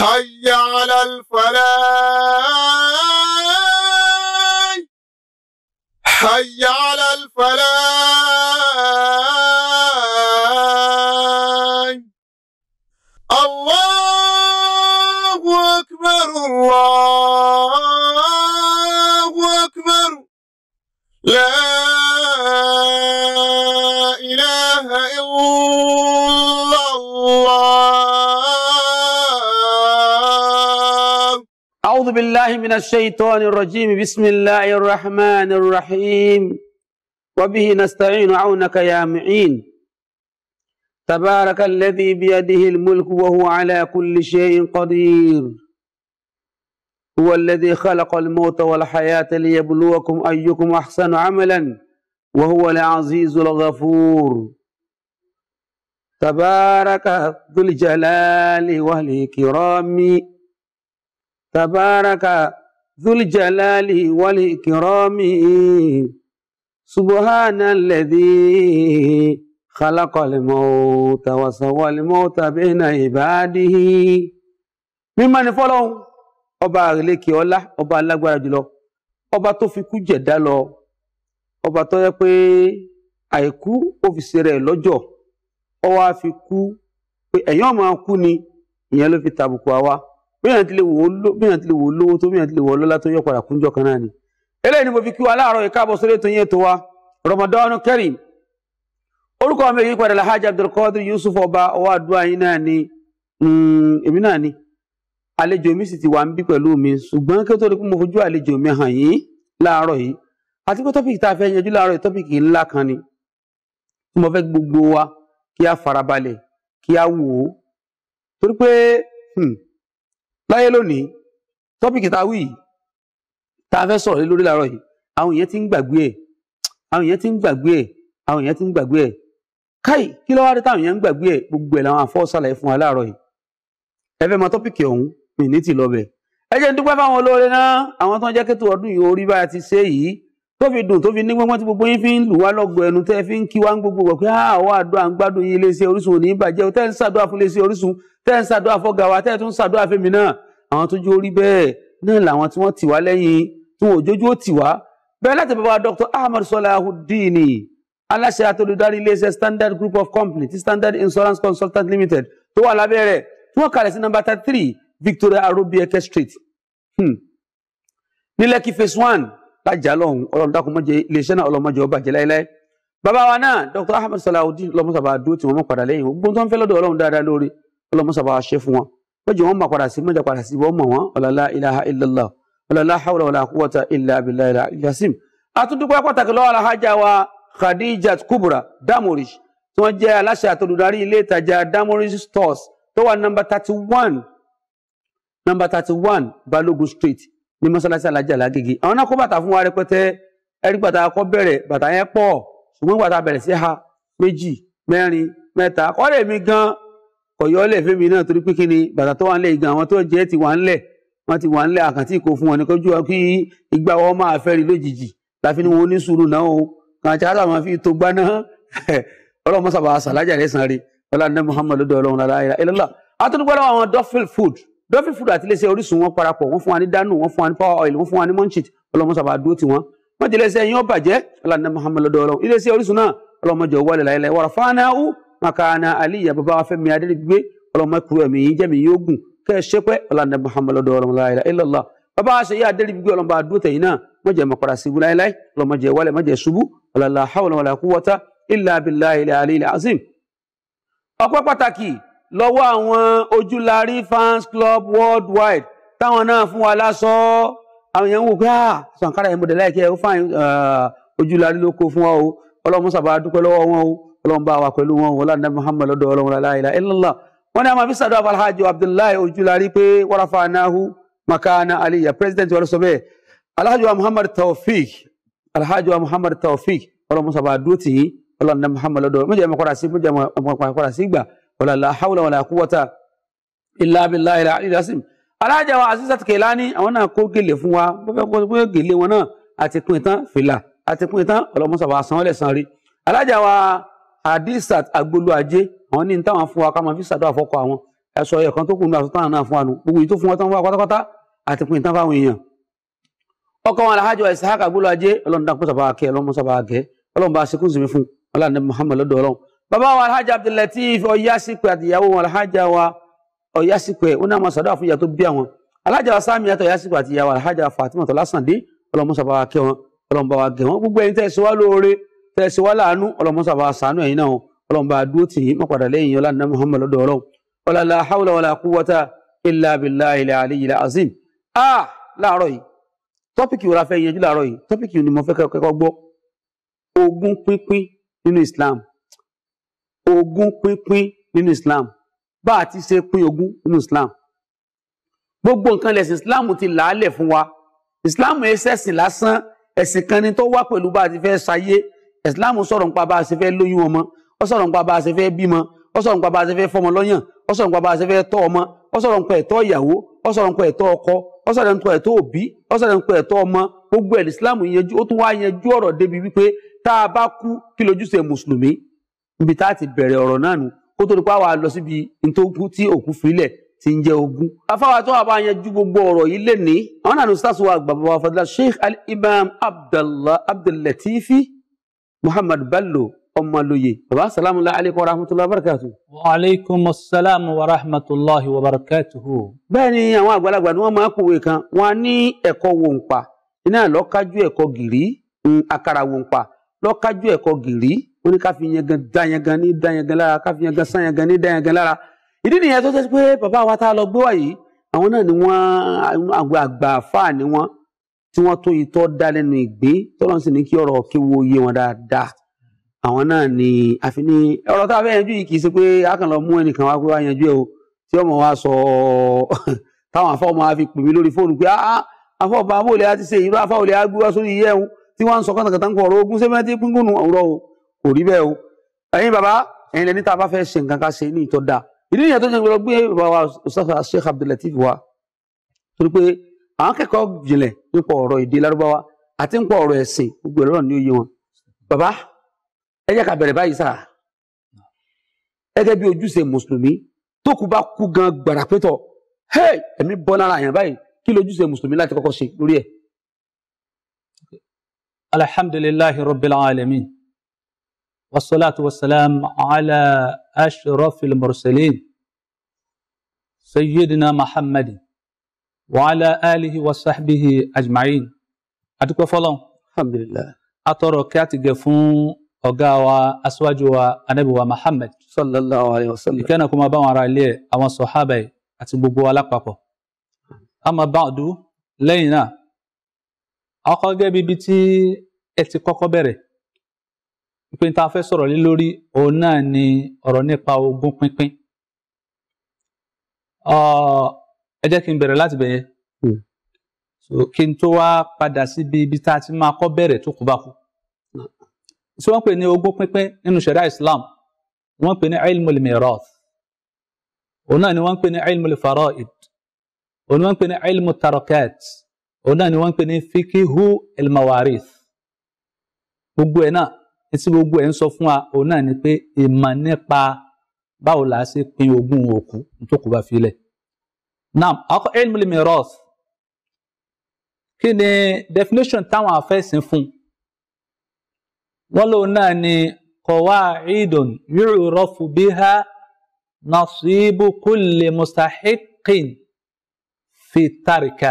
حي على الفلاح حي على الفلاح الله أكبر الله أكبر لا إله إلا الله أعوذ بالله من الشيطان الرجيم بسم الله الرحمن الرحيم وبه نستعين عونك يا معين تبارك الذي بيده الملك وهو على كل شيء قدير هو الذي خلق الموت والحياة ليبلوكم أيكم أحسن عملا وهو العزيز الغفور تبارك ذو الجلال والإكرام تبارك ذو الجلال والإكرام سبحان الذي خلق الموت وسوى الموت بين عباده mímọ́ ni fọ́lọ́hún ọba àrèlékè ọlá ọba alágbára jùlọ ọba tó fi kú jẹ̀dá lọ ọba tó yẹ pé àìkú ó fi ṣe rẹ̀ lọ́jọ́ ó wá fi kú pé ẹ̀yin ó máa kú ni ìyẹn ló fi tàbùkù àwa bíyàn ti lè wò lówó tó bíyàn ti lè wò lọ́lá tó yọ padà kan náà ni. eléyìí ni mo fi kí wa yìí káàbọ̀ sórí ètò yẹn tó wa Ramadan orúkọ Yusuf ọba ọwọ́ àdúrà yín náà ni èmi náà ni àlejò mi sì ti wà ń bí pẹ̀lú mi ṣùgbọ́n di pé mo fojú àlejò mi hàn yín láàárọ̀ yìí àti pé tọ́pìkì tá a fẹ́ yanjú láàárọ̀ yìí tọ́pìkì a láyé lónìí tọ́pìkì tá a wí tá a fẹ́ sọ̀rọ̀ lé lórí làárọ̀ yìí àwọn èèyàn ti ń gbàgbé ẹ̀ àwọn èèyàn ti ń gbàgbé ẹ̀ àwọn èèyàn ti ń gbàgbé ẹ̀ káì kí ló wá dé táwọn èèyàn ń gbàgbé ẹ̀ gbogbo ẹ̀ làwọn àfọ́ fún wa láàárọ̀ yìí ẹ fẹ́ mọ tọ́pìkì ọ̀hún mi ní tì lọ bẹ̀ ẹ jẹ́ ń dúpẹ́ fáwọn olóore náà àwọn tó ń jẹ́ kẹ́tù ọdún yìí orí bá ti ṣe yìí tó fi dùn tó fi ní gbọ́ngbọ́n tí gbogbo yín fi ń lù wá lọ́gọ̀ ẹnu tẹ́ fi ń kí wá ń gbogbo wọ̀ pé àwọn àdúrà ń gbádùn yín iléeṣẹ́ Orísun òní ìbàjẹ́ tẹ́ ń ṣàdúrà fún iléeṣẹ́ Orísun tẹ́ ń ṣàdúrà fọ́gà wa tẹ́ tún ṣàdúrà fẹ́mi náà àwọn tó jó rí bẹ́ẹ̀ náà làwọn tí wọ́n tì wá lẹ́yìn tí wọ́n òjòjú ó tì wá bẹ́ẹ̀ láti bàbá Dr. Ahmed Salahudeen aláṣẹ atolúdarí iléeṣẹ́ Standard Group of Company ti Standard Insurance Consultant Limited tó wà lábẹ́ rẹ̀ tí wọ́n kalẹ̀ sí number thirty three Victoria Arobieke Street hmm. ní Lekki phase one lájà lọ́hùn ọlọ́run dákun mọ́jẹ iléeṣẹ́ náà ọlọ́mọjẹ ọba jẹ láéláé bàbá wa náà dr ahmed salawudeen lọmọsàbà dúró tí wọn mọ padà lẹ́yìn gbogbo tó ń fẹ́ lọ́dọ̀ ọlọ́run dáadáa lórí ọlọmọsàbà ṣe fún wọn mọ́jẹ wọn mọ padà sí mọ́jẹ padà sí wọn mọ wọn ọlọlá ilaha illallah ọlọlá hawla wàlá kúwọta ilà abilà yasim. àtúndúpẹ́ pàtàkì lọ́wọ́ alhaja wa khadija kubra damorish tí wọ́n jẹ́ aláṣẹ àtolùdarí ilé ìtajà damorish stores tó wà nọ́mbà thirty one nọ́mbà thirty one balogun street ní mọ́sálásí alájà lágége àwọn náà kó bàtà fún wa rẹpẹtẹ ẹrí bàtà kọ́ bẹ̀rẹ̀ bàtà yẹn pọ̀ ṣùgbọ́n bàtà bẹ̀rẹ̀ sí ha méjì mẹ́rin mẹ́ta kọ́rẹ́ mi gan kọ̀yọ́lẹ̀ fẹ́mi náà torí pé kíni bàtà tó wà ńlẹ̀ gan àwọn tó jẹ́ ti wà ńlẹ̀ wọ́n ti wà ńlẹ̀ àkàntì kò fún wọn ní kọjú kí ìgbà wọn máa fẹ́ rí lójijì láfi ní wọn ní sùúrù náà o kàn dolphin food àti iléeṣẹ́ orísun wọn parapọ̀ wọ́n fún wa ní dano wọ́n fún wa ní power oil wọ́n fún wa ní munchit ọlọ́mọsàbà dúró tiwọn wọ́n ti iléeṣẹ́ yín ọ̀bàjẹ́ alàdínà muhammed lọ́dọ̀ ọlọ́run iléeṣẹ́ orísun náà ọlọ́mọjọ wọlé láyẹlẹ wàrà fánáhù makana aliya bàbá wa fẹ́mi adédègbé ọlọ́mọkùrú ẹ̀mí yín jẹ́mi yín ogun kẹ́ ẹ ṣẹ́pẹ́ alàdínà muhammed lọ́dọ̀ ọlọ́run láyẹlẹ illallah bàbá wa ṣe yí adédègbé ọlọ́mọba dúró tẹ̀yìn náà mọ̀jẹ̀ mọ̀kọ́ra sí wúláyé láyé ọlọ́mọjẹ wọlé mọ̀jẹ̀ ṣubú ọlọ́lá hawla wàlá kúwọ́tá illa billahi lọ́wọ́ àwọn ojúlarí fans club worldwide táwọn náà fún wa lásọ àwọn èèyàn ń wò pé à ah, Sankara yẹn mo dẹ̀ láìkẹ́ ó fáyín ah, ojúlarí ló kó fún wa o ọlọ́run sábà dúpẹ́ lọ́wọ́ wọn o ọlọ́run bá wa pẹ̀lú wọn o ọlọ́run náà Muhammad lọ́dọ̀ ọlọ́run la ilaha illallah wọn ní a máa fi sàdúrà falhajj Abdullahi ojúlarí pé warafanahu makana aliya president wọlé sọ bẹ́ẹ̀ alhaji wa Muhammad Taofik alhaji wa Muhammad Taofik ọlọ́run sábà dúró tì yín ọlọ́run náà Muhammad lọ́dọ̀ mọ̀jẹ̀ mọ̀kọ́ra sí mọ̀jẹ̀ mọ̀kọ́ra sí gbà wala la hawla wala quwwata illa billahi la aliyil azim alájà wa azizat Kelani àwọn náà kó gèlè fún wa bó fẹ́ kó gèlè wọn náà àti pin tán fìlà àti pin tán ọlọmọsàbà sanwó lẹsàn rí alájà wa adisat agbolu ajé àwọn ní táwọn fún wa ká máa fi ṣàdúrà fọkọ àwọn ẹsọ ẹ̀kan tó kù nínú àtúntàn náà fún wa nù gbogbo yìí tó fún wọn tán fún wa pátápátá àti pin tán fáwọn èèyàn ọkọ wọn alhaji wa isahaka agbolu ajé ọlọ́run dàpọ̀ sàbà kẹ ọlọ́mọsàbà kẹ ọlọ́run bá sekúnsìmí fún ọlọ́run muhammed lọ́dọ̀ ọlọ́run bàbá wa alhaji abdulateef ọyásípẹ àtìyàwó wọn alhaja wa ọyásípẹ ó ní àwọn sọdọ àfúnyà tó bí àwọn alhaja wa sami àtọ ọyásípẹ àtìyàwó alhaja fatima tó lásàndé ọlọmọsàbà wa kẹ́ wọn ọlọmọba wa gẹ̀ wọn gbogbo ẹni tẹsí wa lóore tẹsí wa láàánú ọlọmọsàbà wa sànú ẹ̀yin náà ọlọmọba dúró tì yín mọpadà lẹ́yìn ọlànà muhammadu lọ́dọ̀ Ọlọ́run ọlọlá hawla wàlá kúwọta ilà abilà ogún pínpín nínú Islam bá a ti ṣe pín ogún nínú Islam gbogbo nǹkan lẹ̀sìn Islam ti làálẹ̀ fún wa Islam ẹ ṣẹ̀sìn lásán ẹ̀sìn kan ni tó wá pẹ̀lú bá a ti fẹ́ ṣayé Islam sọ̀rọ̀ nípa bá a ṣe fẹ́ lóyún ọmọ ó sọ̀rọ̀ nípa bá a ṣe fẹ́ bímọ ó sọ̀rọ̀ nípa bá a ṣe fẹ́ fọmọ lọ́yàn ó sọ̀rọ̀ nípa bá a ṣe fẹ́ tọ́ ọmọ ó sọ̀rọ̀ nípa ẹ̀tọ́ ìyàwó ó sọ̀rọ̀ nípa ẹ̀tọ́ ọkọ ó sọ̀rọ̀ nípa ẹ̀tọ́ òbí ó sọ̀rọ̀ nípa ẹ̀tọ́ ọmọ gbogbo ẹ̀ Islam yanjú ó tún wá yanjú ọ̀rọ̀ débi wípé tá a bá kú kí lójúṣe mùsùlùmí ibi tá a ti bẹ̀rẹ̀ ọ̀rọ̀ náà nù kó tó di pa wàá lọ síbi ntòkú tí òkú filẹ̀ ti ń jẹ́ ogún. afáwa tó wà bá yẹn ju gbogbo ọ̀rọ̀ yìí lé ní. àwọn náà ní wa àgbà bàbá fadla sheikh al-imam abdallah abdallatifi muhammad bello ọmọlóye. bàbá salamu alaykum wa rahmatulahi wa barakatuhu. wa aleykum asalaam wa rahmatulahi wa barakatuhu. bẹ́ẹ̀ ni àwọn àgbàlagbà ni wọ́n máa kọ̀wé kan wọ́n ní ẹ̀kọ́ wò iná lọ́kájú ẹ̀kọ́ gìrì àkàrà wò ń pa gìrì wọ́n ní káfí yangan da yangan ní da yangan lára káfí yangan san yangan ní da yangan lára ìdí nìyẹn tó ṣe pé bàbá wa tá a lọ gbé wá yìí àwọn náà ni wọ́n àgbà àfà ni wọ́n tí wọ́n tó itọ́ dá lẹ́nu ìgbín tọ́lọ́ sì ní kí ọ̀rọ̀ kí wo yé wọn dáadáa àwọn náà ni àfi ní ọ̀rọ̀ tá a fẹ́ yanjú yìí kì í ṣe pé a kàn lọ mú ẹnìkan wá pé wá yanjú ẹ o tí ọmọ wa sọ táwọn afọ ọmọ wa fi pè kò rí bẹ́ẹ̀ o ẹ̀yin bàbá ẹ̀yin lẹni tá a bá fẹ́ ṣe nǹkan ká ṣe ní ìtọ́ da ìdí nìyẹn tó ṣe gbọ́dọ̀ gbé bàbá ọsàfà Sheikh Abdulateef wa torí pé àwọn kẹ́kọ̀ọ́ jìnlẹ̀ nípa ọ̀rọ̀ èdè Lárúbáwá àti nípa ọ̀rọ̀ ẹ̀sìn gbogbo ẹ̀rọ ní òye wọn bàbá ẹ jẹ́ ká bẹ̀rẹ̀ báyìí sáà gẹ́gẹ́ bí ojúṣe mùsùlùmí tó kú bá kú gan gbàrà pétọ ẹ̀mí bọ́ lára àyàn báyìí kí lójúṣe mùsùlùmí láti kọ́kọ́ ṣe lórí ẹ̀. alhamdulillahi rabbil alamin. والصلاة والسلام على أشرف المرسلين سيدنا محمد وعلى آله وصحبه أجمعين أتكو فلان الحمد لله أترو كاتقفون أغاوا أسواجوا أنبوا محمد صلى الله عليه وسلم كان كما بوارا لي أما صحابة أتبقوا لقبكو أما بعد لينا أقا قبيبتي اتقاقبري pé tá a fẹ́ sọ̀rọ̀ lé lórí òun náà ni ọ̀rọ̀ nípa ogún pínpín ah, ẹ jẹ́ kí n bẹ̀rẹ̀ láti bẹ̀yẹn hmm. so kí n tó wá padà síbi ibi tá a ti máa kọ́ bẹ̀rẹ̀ tó kú bá kú tí wọ́n pè ní ogún pínpín nínú ṣẹ̀dá Islam wọ́n pè ní ilmul mirath òun náà ni wọ́n pè ní ilmul faraid òun ni wọ́n pè ní ilmul tarakat òun náà ni wọ́n pè ní fikihu ilmawarith gbogbo ẹ̀ náà etí gbogbo ẹ̀ ń sọ fún wa òun náà ni pé ìmọ̀ nípa báwo la ṣe pín ogún òkú tó kù bá filẹ̀. nam akọ ilmul miras kí ni definition táwọn afẹ́sìn fún wọn lóun náà ni qawaidun yu'rafu biha nasibu kulli mustahiqin fi tarika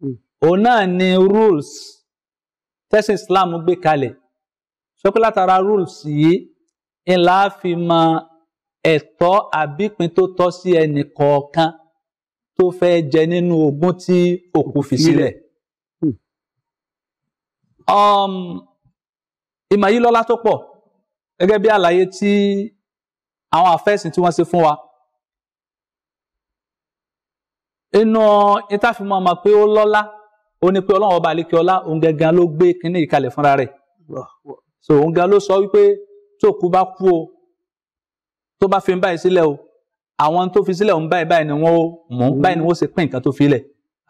hmm. òun náà ni rules tẹ́sí Islam gbé kalẹ̀ pé látara rules yìí ńlá fi mọ ẹ̀tọ́ àbípín tó tọ́ sí ẹnì kọ̀ọ̀kan tó fẹ́ jẹ nínú ogún tí òkú fi sílẹ̀. Um, ìmọ̀ yìí lọ́lá tó pọ̀ gẹ́gẹ́ bí àlàyé tí àwọn àfẹ́sìn tí wọ́n ṣe fún wa. inú ìtàfimọ́ ọmọ pé ó lọ́lá ó ní pé ọlọ́run ọba àlékè ọlá òun gangan ló gbé kinní ìkalẹ̀ fúnra rẹ̀ so òun gan ló sọ wípé tó kú bá kú o tó bá fi ń báyìí sílẹ̀ o àwọn tó fi sílẹ̀ òun báyìí báyìí ni wọ́n mú báyìí ni wọ́n ṣe pín nǹkan tó fi lẹ̀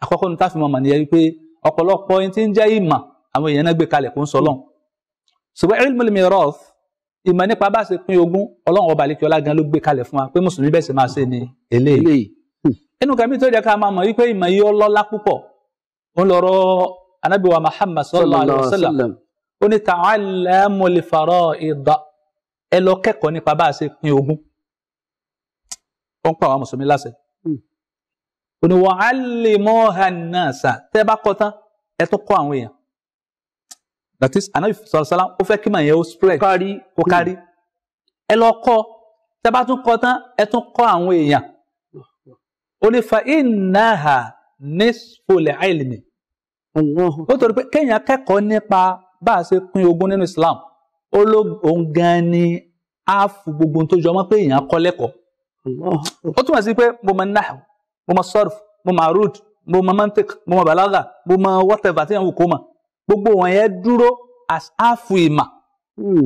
àkọ́kọ́ ní táfi mọ̀ nìyẹn wípé ọ̀pọ̀lọpọ̀ ẹni tí ń jẹ́ ìmọ̀ àwọn èèyàn náà gbé kalẹ̀ kó ń sọ lọ́hùn ṣùgbọ́n ilmul mirath ìmọ̀ nípa bá ṣe pín ogún ọlọ́run ọba àlekí ọlá gan ló gbé kalẹ̀ fún wa pé mùsùlùmí bẹ́ẹ̀ máa ṣe ni eléyìí inú kan tó jẹ́ ká máa mọ̀ wípé ìmọ̀ yìí ọlọ́lá púpọ̀ ń lọ́rọ̀ anábìwá Muhammad sallallahu alayhi wa sallam ó ní ta'allamul fara'id ẹ lọ kẹ́kọ̀ọ́ nípa bá a ṣe pín ogún ó ń pa àwọn mùsùlùmí láṣẹ hmm. ó ní wa'allimuha an-nasa tẹ́ bá kọ́ tán ẹ tún kọ́ àwọn èèyàn that is anabi sallallahu ó fẹ́ kí màá yẹ ó spread kárí kó kárí hmm. ẹ lọ kọ́ tẹ́ bá tún kọ́ tán ẹ tún kọ́ àwọn èèyàn ó ní fa innaha nisful ilmi ó torí pé kéèyàn kẹ́kọ̀ọ́ nípa bá a ṣe pín ogún nínú Islam ó ló òun gan ni á fu gbogbo tó jọmọ́ pé èèyàn kọ́ lẹ́kọ̀ọ́ ó túmọ̀ sí pé mo mọ náà mo mọ sọ́ọ̀f mo mọ arúd mo mọ mantik mo mọ balaga mo mọ wọ́tẹ̀fà tí àwọn kò mọ̀ gbogbo wọn yẹn dúró as á fu ìmà hmm.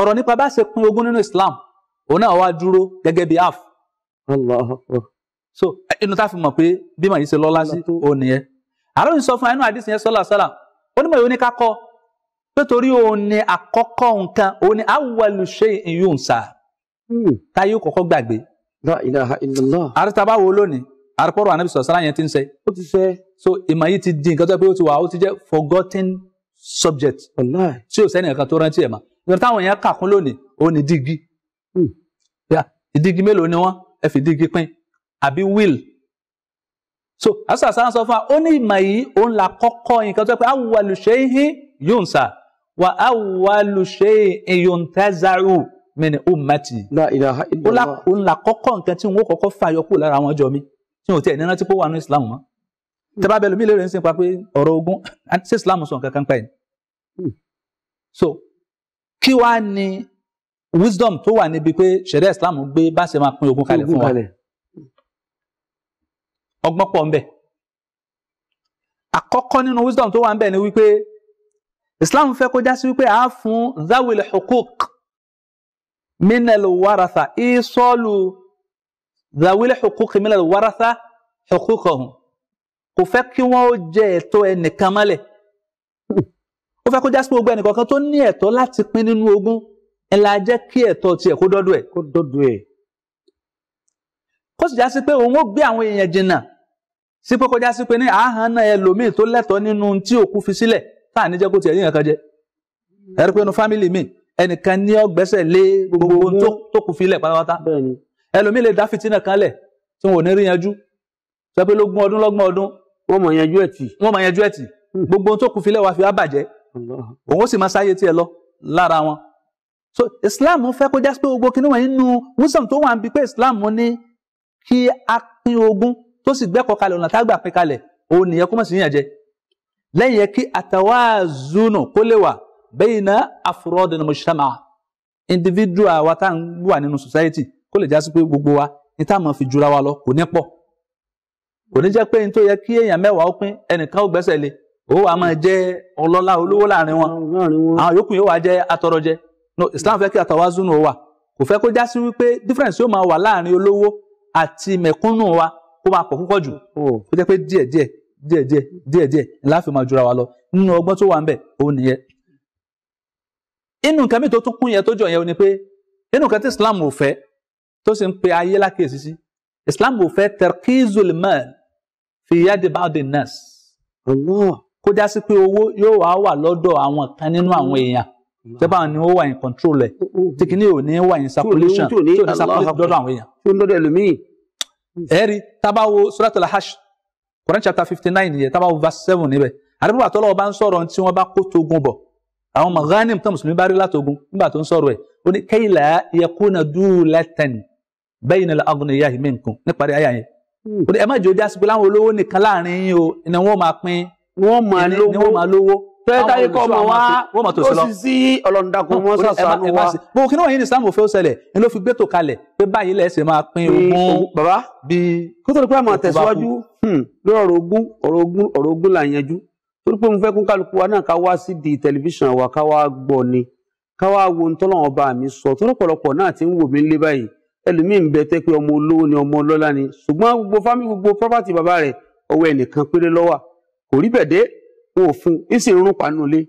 ọ̀rọ̀ nípa bá a ṣe pín ogún nínú Islam òun náà wá dúró gẹ́gẹ́ bí áàfù. so inú tá a fi mọ̀ pé bí màá yìí ṣe lọ́lá sí òun nìyẹn. àárọ̀ sọ fún ẹnu àdìsí yẹn sọ́là sọ́là ó ní ká kọ́ nítorí òun ni àkọ́kọ́ nǹkan òun ni awwalu shay'in yunsa hmm. táyé kọ́kọ́ gbàgbé. la ilaha illallah. àrítàbá wo lónìí àrípọ̀rọ̀ ànábì sọ̀rọ̀ sára yẹn ti ń sẹ́. ó ti sẹ́. so ìmọ̀ yìí ti di nǹkan tó yẹ pé ó ti wà ó ti jẹ́ forgotten subject. tí ò sẹ́ni kankan tó rántí ẹ̀ mọ́. ìgbà táwọn yẹn kà kún lónìí òun ni dígí. Hmm. dígí mélòó ni wọ́n ẹ fi dígí pín àbí will so àṣà sáà sọ fún wa ó ní ìmọ̀ yìí òun là kọ́kọ́ nǹkan tó yẹ pé wa awwalu shay'in yuntazaru min ummati. la ilaha illallah. ó la kọ́kọ́ nǹkan tí n ó kọ́kọ́ fàyọ kúrò lára àwọn ọjọ́ mi tí n ò tiẹ̀ ní rántí pé ó wà ní islam mọ́. tẹ́lá bẹ́ẹ̀ lómi lérè ń pa pé ọ̀rọ̀ ogun ṣé islam sọ nǹkan pa yìí. Hmm. so kí wàá ní wisdom tó wà níbi pé ṣẹ̀ríà islam gbé bá ṣe máa pín ogun kalẹ̀ fún wa ọgbọ́n pọ̀ ń bẹ. àkọ́kọ́ nínú wisdom tó wà ń bẹ ni wípé islam fẹ́ kó jásí wípé a fún zawil hukuk minal waratha isolu zawil hukuk minal waratha hukukahum kò fẹ́ kí wọ́n jẹ ẹ̀tọ́ ẹnìkan mọ́lẹ̀ ó fẹ́ kó jásí gbogbo ẹnìkankan tó ní ẹ̀tọ́ láti pín nínú ogún ńlá jẹ́ kí ẹ̀tọ́ tiẹ̀ kó dọ́dọ̀ ẹ̀ kó dọ́dọ̀ ẹ̀ kó sì jásí pé òun ó gbé àwọn èèyàn jìnnà sí pé kó jásí pé ní àhánà ẹlòmíì tó lẹ́tọ̀ọ́ nínú tí òkú fi sílẹ̀ tá à ní jẹ́ kó tiẹ̀ yíyan kan jẹ ẹ̀rí pé inú fámìlì mi ẹnìkan ní ọgbẹ́sẹ̀ lé gbogbo ohun tó kù fi lẹ̀ pátápátá ẹlòmíì lè dá fìtínà kan lẹ̀ tí wọn ò ní rí yanjú sọ pé lógún ọdún lọ́gbọ̀n ọdún wọ́n mọ̀ yanjú ẹ̀ tì wọ́n mọ̀ yanjú ẹ̀ tì hmm. gbogbo ohun tó kù fi lẹ̀ wá fi wá bàjẹ́ òun ó sì máa sáyé tiẹ̀ lọ lára wọn so Islam fẹ́ kó jásí pé gbogbo kinní wọn nínú wisdom tó wà ń bi pé Islam ní kí a pín ogún tó sì gbẹ́kọ̀ọ́ kalẹ̀ ọ̀nà tá a gbà pín kalẹ̀ òun nìyẹn kó mọ̀ sí yíyànjẹ́ lẹ́yìn yẹ kí àtàwáàzúnù kó lè wà bayna afrodi ní mujtama individual wa tá à ń wà nínú society kó lè jásí pé gbogbo wa ní tá à máa fi jura wa lọ kò ní pọ̀ kò ní jẹ́ pé ní tó yẹ kí èèyàn mẹ́wàá ó pín ẹnìkan ó gbẹ́sẹ̀ lé ó wàá máa jẹ́ ọlọ́lá olówó láàrin wọn àwọn yòókù yóò wá jẹ́ atọrọjẹ no Islam fẹ́ kí àtàwáàzúnù wà kò fẹ́ kó jásí wípé difference yóò máa wà láàrin olówó àti mẹ̀kúnnù wa kó máa pọ̀ púpọ̀ jù oh. kó jẹ́ pé díẹ̀díẹ̀ díẹ̀díẹ̀ díẹ̀díẹ̀ la fi máa jura wa lọ nínú ọgbọ́n tó wà ń bẹ̀ òun nìyẹn. inú nǹkan mi tó tún kún yẹn tó jọ yẹn o ni pé inú nǹkan tí Islam ò fẹ́ tó sì ń pe ayé lákèésí sí Islam ò fẹ́ tarkizul mal fi yadi ba'di nas. kó já sí pé owó yóò wá wà lọ́dọ̀ àwọn kan nínú àwọn èèyàn tẹ́bà ni ó wà in control ẹ̀ oh, oh. tí kìíní ò ní wà in circulation tí ò ní circulation lọ́dọ̀ àwọn èèyàn. ẹ̀rí tábà wo suratul hash Quran chapter fifty nine yẹn taba wo verse seven níbẹ̀ àdébò àti ọlọ́wọ́ bá ń sọ̀rọ̀ tí wọ́n bá kó togun bọ̀ àwọn ọmọ ghanim tó mùsùlùmí bá rí látogun nígbà tó ń sọ̀rọ̀ ẹ̀ ó ní kayla yakuna dulatan bayna al-aghniya'i minkum níparí ayé yẹn ó ní ẹ má jẹ́ ojú àsìkò láwọn olówó nìkan láàrin yín o ni wọ́n máa pín wọ́n máa lówó tẹ́tàyé kọ́ ọmọ wa ó sì sí ọlọ́ndàkùn wọn sàṣàánú wa. bó kí ni wọ́n yín ní islam òfin ọ̀sẹ̀lẹ̀ ni ló fi gbẹ́tò kalẹ̀ pé báyìí lẹ́sẹ̀ máa pín ogún bí. kótó ni pé àmọ̀ tẹ̀síwájú lórí hmm, ọ̀rọ̀ ogún ọ̀rọ̀ ogún ọ̀rọ̀ ogún là ń yanjú torí pé mo fẹ́ kún kálukú wa náà ká wá sí di tẹlifíṣàn wa ká wá gbọ́ ni ká wá wo ohun tọ́lọ́wọ́n bá mi sọ tọ́lọ́pọ̀lọpọ̀ náà ti ń wò mí lé báyìí ẹlòmíì ń bẹ tẹ́ pé ọmọ olówó ni ọmọ ọlọ́lá ni ṣùgbọ́n gbogbo fámì gbogbo pọ́pátì bàbá rẹ̀ ọwọ́ ẹnìkan péré lọ́wà kò rí bẹ̀dẹ́ wọn ò fún un ìsìn rún pàánù lé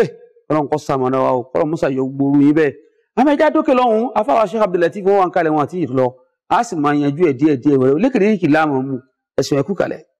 ẹ ọlọ́run kọ́ sàmọ́nà wa o kọ́lọ́ musa yọ gbooru yín bẹ́ẹ̀ amẹ́dá dókè lọ́hùn-ún afáwàṣẹ́ Abdulateef wọn wà ń kalẹ̀ wọn àti ìlọ a sì máa yanjú ẹ̀ díẹ̀ wẹ̀rẹ̀ lékèrè yìí kì í láàmú tashbiih ku kale